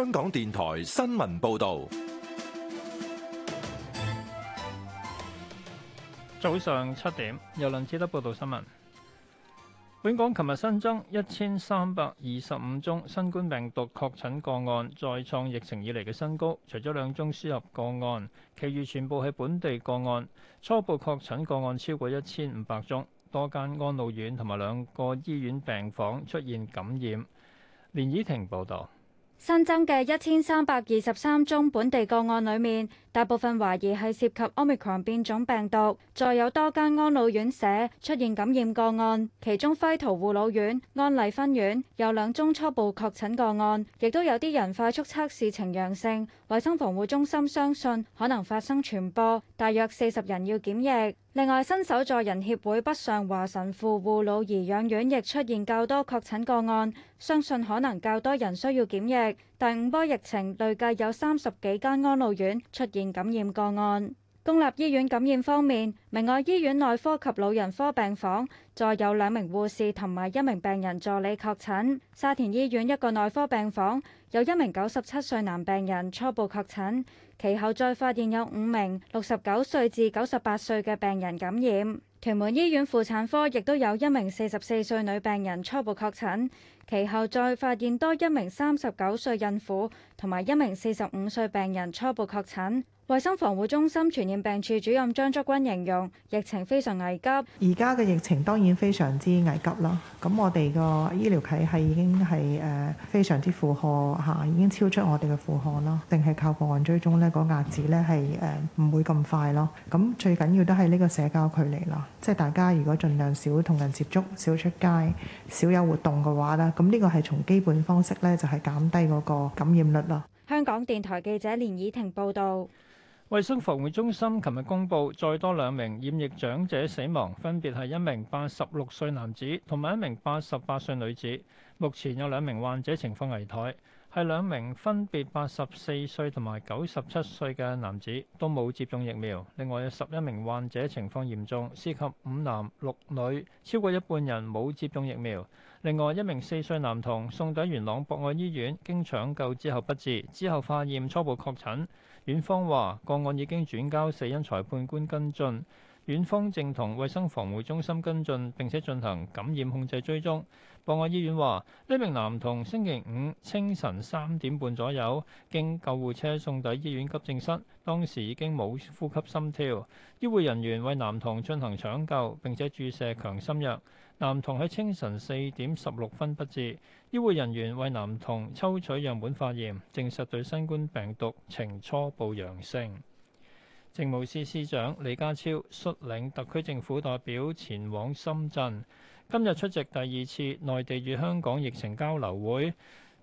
香港電台新聞報道，早上七點，由梁志德報道新聞。本港琴日新增一千三百二十五宗新冠病毒確診個案，再創疫情以嚟嘅新高。除咗兩宗輸入個案，其餘全部係本地個案。初步確診個案超過一千五百宗，多間安老院同埋兩個醫院病房出現感染。連綺婷報道。新增嘅一千三百二十三宗本地個案裏面，大部分懷疑係涉及 omicron 變種病毒，再有多間安老院舍出現感染個案，其中輝圖護老院、安麗分院有兩宗初步確診個案，亦都有啲人快速測試呈陽性。衛生防護中心相信可能發生傳播，大約四十人要檢疫。另外，新手助人協會北上華神父護老兒養院亦出現較多確診個案，相信可能較多人需要檢疫。第五波疫情累計有三十幾間安老院出現感染個案。公立醫院感染方面，明愛醫院內科及老人科病房再有兩名護士同埋一名病人助理確診。沙田醫院一個內科病房有一名九十七歲男病人初步確診，其後再發現有五名六十九歲至九十八歲嘅病人感染。屯門醫院婦產科亦都有一名四十四歲女病人初步確診，其後再發現多一名三十九歲孕婦同埋一名四十五歲病人初步確診。衛生防護中心，傳染病處主任張竹君形容疫情非常危急。而家嘅疫情當然非常之危急啦。咁我哋個醫療體系已經係誒非常之負荷嚇，已經超出我哋嘅負荷啦。定係靠個案追蹤咧，嗰個壓制咧係誒唔會咁快咯。咁最緊要都係呢個社交距離啦，即係大家如果儘量少同人接觸、少出街、少有活動嘅話咧，咁呢個係從基本方式咧就係減低嗰個感染率啦。香港電台記者連以婷報道。衛生防護中心琴日公布，再多兩名染疫長者死亡，分別係一名八十六歲男子同埋一名八十八歲女子。目前有兩名患者情況危殆，係兩名分別八十四歲同埋九十七歲嘅男子，都冇接種疫苗。另外有十一名患者情況嚴重，涉及五男六女，超過一半人冇接種疫苗。另外一名四歲男童送抵元朗博愛醫院，經搶救之後不治，之後化驗初步確診。院方話個案已經轉交死因裁判官跟進，院方正同衛生防護中心跟進，並且進行感染控制追蹤。博愛醫院話：呢名男童星期五清晨三點半左右，經救護車送抵醫院急症室，當時已經冇呼吸心跳，醫護人員為男童進行搶救，並且注射強心藥。男童喺清晨四點十六分不治，醫護人員為男童抽取樣本化驗，證實對新冠病毒呈初步陽性。政務司司長李家超率領特區政府代表前往深圳，今日出席第二次內地與香港疫情交流會，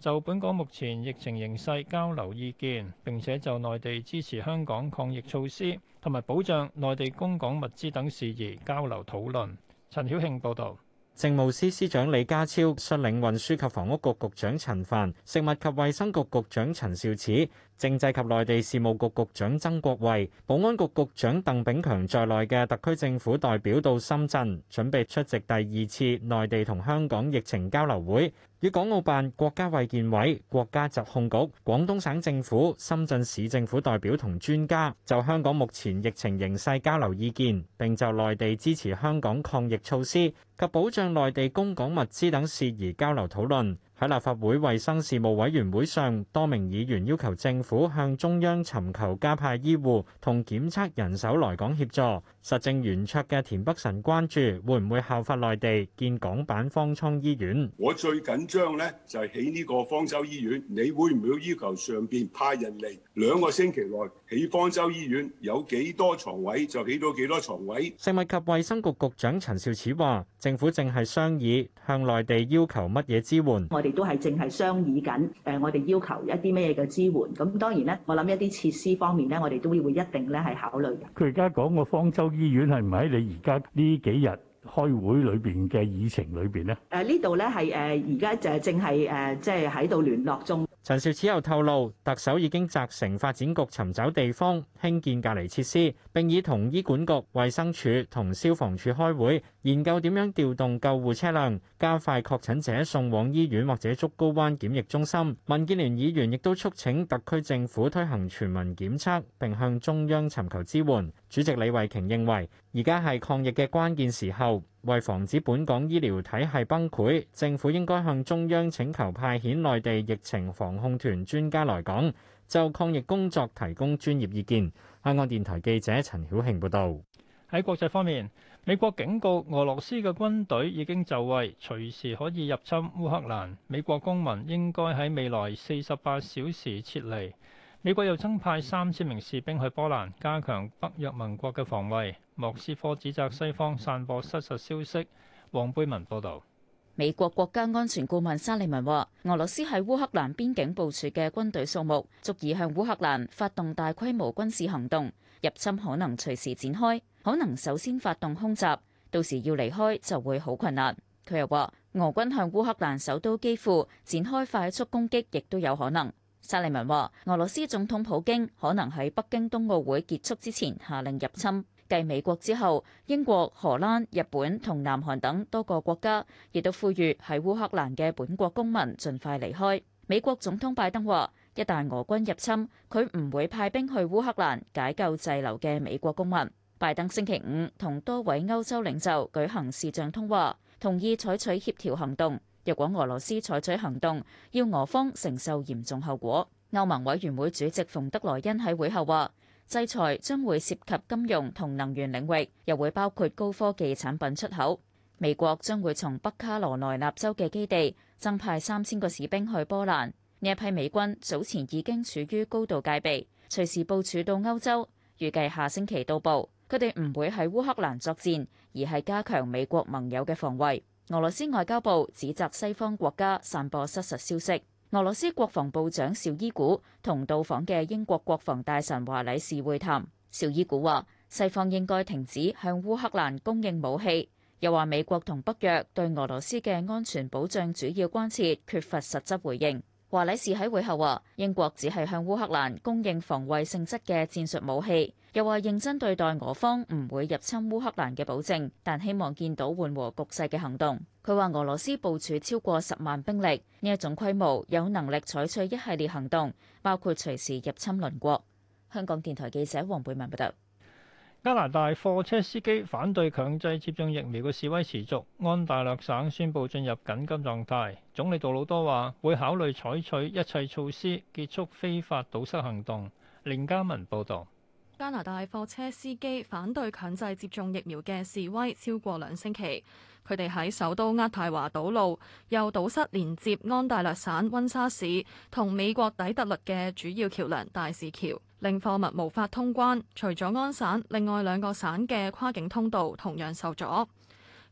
就本港目前疫情形勢交流意見，並且就內地支持香港抗疫措施同埋保障內地供港物資等事宜交流討論。陳曉慶報道，政務司司長李家超率領運輸及房屋局局局長陳帆、食物及衛生局局長陳肇始、政制及內地事務局局長曾國衛、保安局局長鄧炳強在內嘅特區政府代表到深圳，準備出席第二次內地同香港疫情交流會。與港澳辦、國家衛健委、國家疾控局、廣東省政府、深圳市政府代表同專家就香港目前疫情形勢交流意見，並就內地支持香港抗疫措施及保障內地供港物資等事宜交流討論。喺立法會衞生事務委員會上，多名議員要求政府向中央尋求加派醫護同檢測人手來港協助。實政圓桌嘅田北辰關注會唔會效法內地建港版方艙醫院？我最緊張呢就係起呢個方舟醫院，你會唔會要求上邊派人嚟兩個星期內起方舟醫院？有幾多牀位就起到幾多牀位？食物及衛生局局長陳肇始話：政府正係商議向內地要求乜嘢支援。亦都係正係商議緊，誒、呃，我哋要求一啲咩嘅支援。咁當然咧，我諗一啲設施方面咧，我哋都會一定咧係考慮嘅。佢而家講個方舟醫院係唔係喺你而家呢幾日開會裏邊嘅議程裏邊咧？誒、呃，呢度咧係誒，而家、呃、就係正係誒，即係喺度聯絡中。陳肇始又透露，特首已經責成發展局尋找地方興建隔離設施，並已同醫管局、衛生署同消防處開會，研究點樣調動救護車輛，加快確診者送往醫院或者竹篙灣檢疫中心。民建聯議員亦都促請特區政府推行全民檢測，並向中央尋求支援。主席李慧瓊認為。而家係抗疫嘅關鍵時候，為防止本港醫療體系崩潰，政府應該向中央請求派遣內地疫情防控團專家來港，就抗疫工作提供專業意見。香港電台記者陳曉慶報導。喺國際方面，美國警告俄羅斯嘅軍隊已經就位，隨時可以入侵烏克蘭。美國公民應該喺未來四十八小時撤離。美國又增派三千名士兵去波蘭，加強北約盟國嘅防衛。莫斯科指責西方散播失實消息。黃貝文報導，美國國家安全顧問沙利文話，俄羅斯喺烏克蘭邊境部署嘅軍隊數目足以向烏克蘭發動大規模軍事行動，入侵可能隨時展開，可能首先發動空襲，到時要離開就會好困難。佢又話，俄軍向烏克蘭首都基輔展開快速攻擊，亦都有可能。沙利文話，俄羅斯總統普京可能喺北京冬奧會結束之前下令入侵。繼美國之後，英國、荷蘭、日本同南韓等多個國家亦都呼籲喺烏克蘭嘅本國公民盡快離開。美國總統拜登話：一旦俄軍入侵，佢唔會派兵去烏克蘭解救滯留嘅美國公民。拜登星期五同多位歐洲領袖舉行視像通話，同意採取協調行動。若果俄羅斯採取行動，要俄方承受嚴重後果。歐盟委員會主席馮德萊恩喺會後話：制裁將會涉及金融同能源領域，又會包括高科技產品出口。美國將會從北卡羅來納州嘅基地增派三千個士兵去波蘭。呢一批美軍早前已經處於高度戒備，隨時部署到歐洲，預計下星期到步。佢哋唔會喺烏克蘭作戰，而係加強美國盟友嘅防衛。俄羅斯外交部指責西方國家散播失實消息。俄羅斯國防部長邵伊古同到訪嘅英國國防大臣華禮士會談。邵伊古話：西方應該停止向烏克蘭供應武器，又話美國同北約對俄羅斯嘅安全保障主要關切缺乏實質回應。華禮士喺會後話：英國只係向烏克蘭供應防衛性質嘅戰術武器，又話認真對待俄方唔會入侵烏克蘭嘅保證，但希望見到緩和局勢嘅行動。佢話俄羅斯部署超過十萬兵力，呢一種規模有能力採取一系列行動，包括隨時入侵鄰國。香港電台記者黃貝文報道。加拿大貨車司機反對強制接種疫苗嘅示威持續，安大略省宣布進入緊急狀態。總理杜魯多話會考慮採取一切措施結束非法堵塞行動。林嘉文報導，加拿大貨車司機反對強制接種疫苗嘅示威超過兩星期，佢哋喺首都渥太華堵路，又堵塞連接安大略省溫莎市同美國底特律嘅主要橋梁大使橋。令貨物無法通關，除咗安省，另外兩個省嘅跨境通道同樣受阻。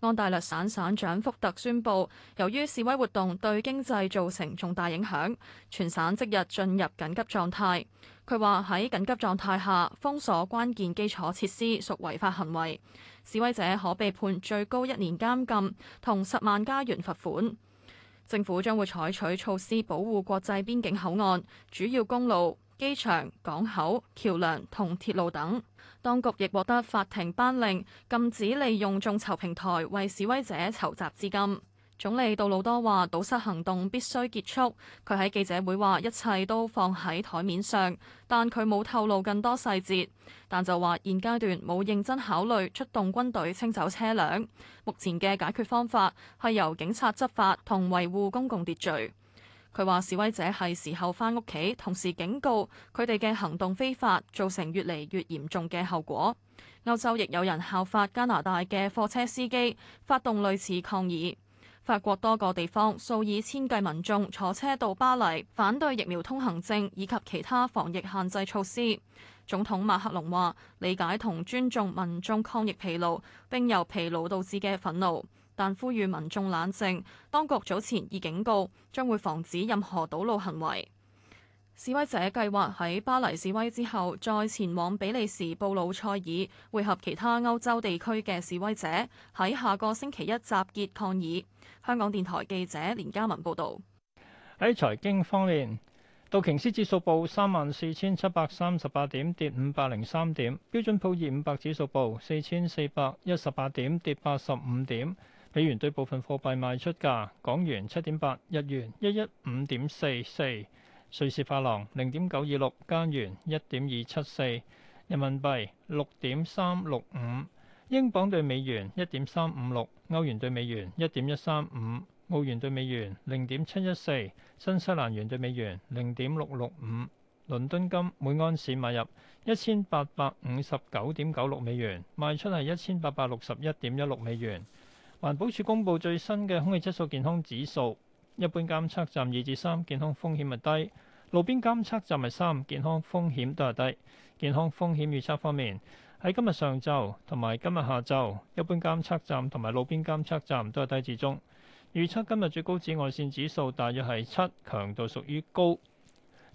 安大略省省長福特宣布，由於示威活動對經濟造成重大影響，全省即日進入緊急狀態。佢話喺緊急狀態下，封鎖關鍵基礎設施屬違法行為，示威者可被判最高一年監禁同十萬加元罰款。政府將會採取措施保護國際邊境口岸、主要公路。機場、港口、橋梁同鐵路等，當局亦獲得法庭頒令禁止利用眾籌平台為示威者籌集資金。總理杜魯多話：堵塞行動必須結束。佢喺記者會話：一切都放喺台面上，但佢冇透露更多細節。但就話現階段冇認真考慮出動軍隊清走車輛。目前嘅解決方法係由警察執法同維護公共秩序。佢話示威者係時候返屋企，同時警告佢哋嘅行動非法，造成越嚟越嚴重嘅後果。歐洲亦有人效法加拿大嘅貨車司機，發動類似抗議。法國多個地方數以千計民眾坐車到巴黎，反對疫苗通行證以及其他防疫限制措施。總統馬克龍話，理解同尊重民眾抗疫疲勞，並由疲勞導致嘅憤怒。但呼籲民眾冷靜，當局早前已警告，將會防止任何堵路行為。示威者計劃喺巴黎示威之後，再前往比利時布魯塞爾會合其他歐洲地區嘅示威者，喺下個星期一集結抗議。香港電台記者連嘉文報道。喺財經方面，道瓊斯指數報三萬四千七百三十八點，跌五百零三點；標準普爾五百指數報四千四百一十八點，跌八十五點。美元對部分貨幣賣出價：港元七點八，日元一一五點四四，瑞士法郎零點九二六，加元一點二七四，人民幣六點三六五，英鎊對美元一點三五六，歐元對美元一點一三五，澳元對美元零點七一四，新西蘭元對美元零點六六五。倫敦金每安士買入一千八百五十九點九六美元，賣出係一千八百六十一點一六美元。環保署公布最新嘅空氣質素健康指數，一般監測站二至三，3，健康風險係低；路邊監測站係三，健康風險都係低。健康風險預測方面，喺今日上晝同埋今日下晝，一般監測站同埋路邊監測站都係低至中。預測今日最高紫外線指數大約係七，強度屬於高。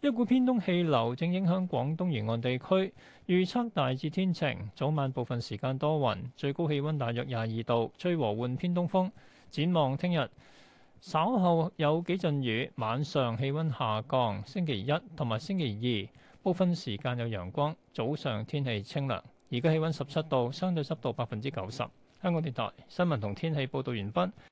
一股偏東氣流正影響廣東沿岸地區，預測大致天晴，早晚部分時間多雲，最高氣温大約廿二度，吹和緩偏東風。展望聽日稍後有幾陣雨，晚上氣温下降。星期一同埋星期二部分時間有陽光，早上天氣清涼。而家氣温十七度，相對濕度百分之九十。香港電台新聞同天氣報導完畢。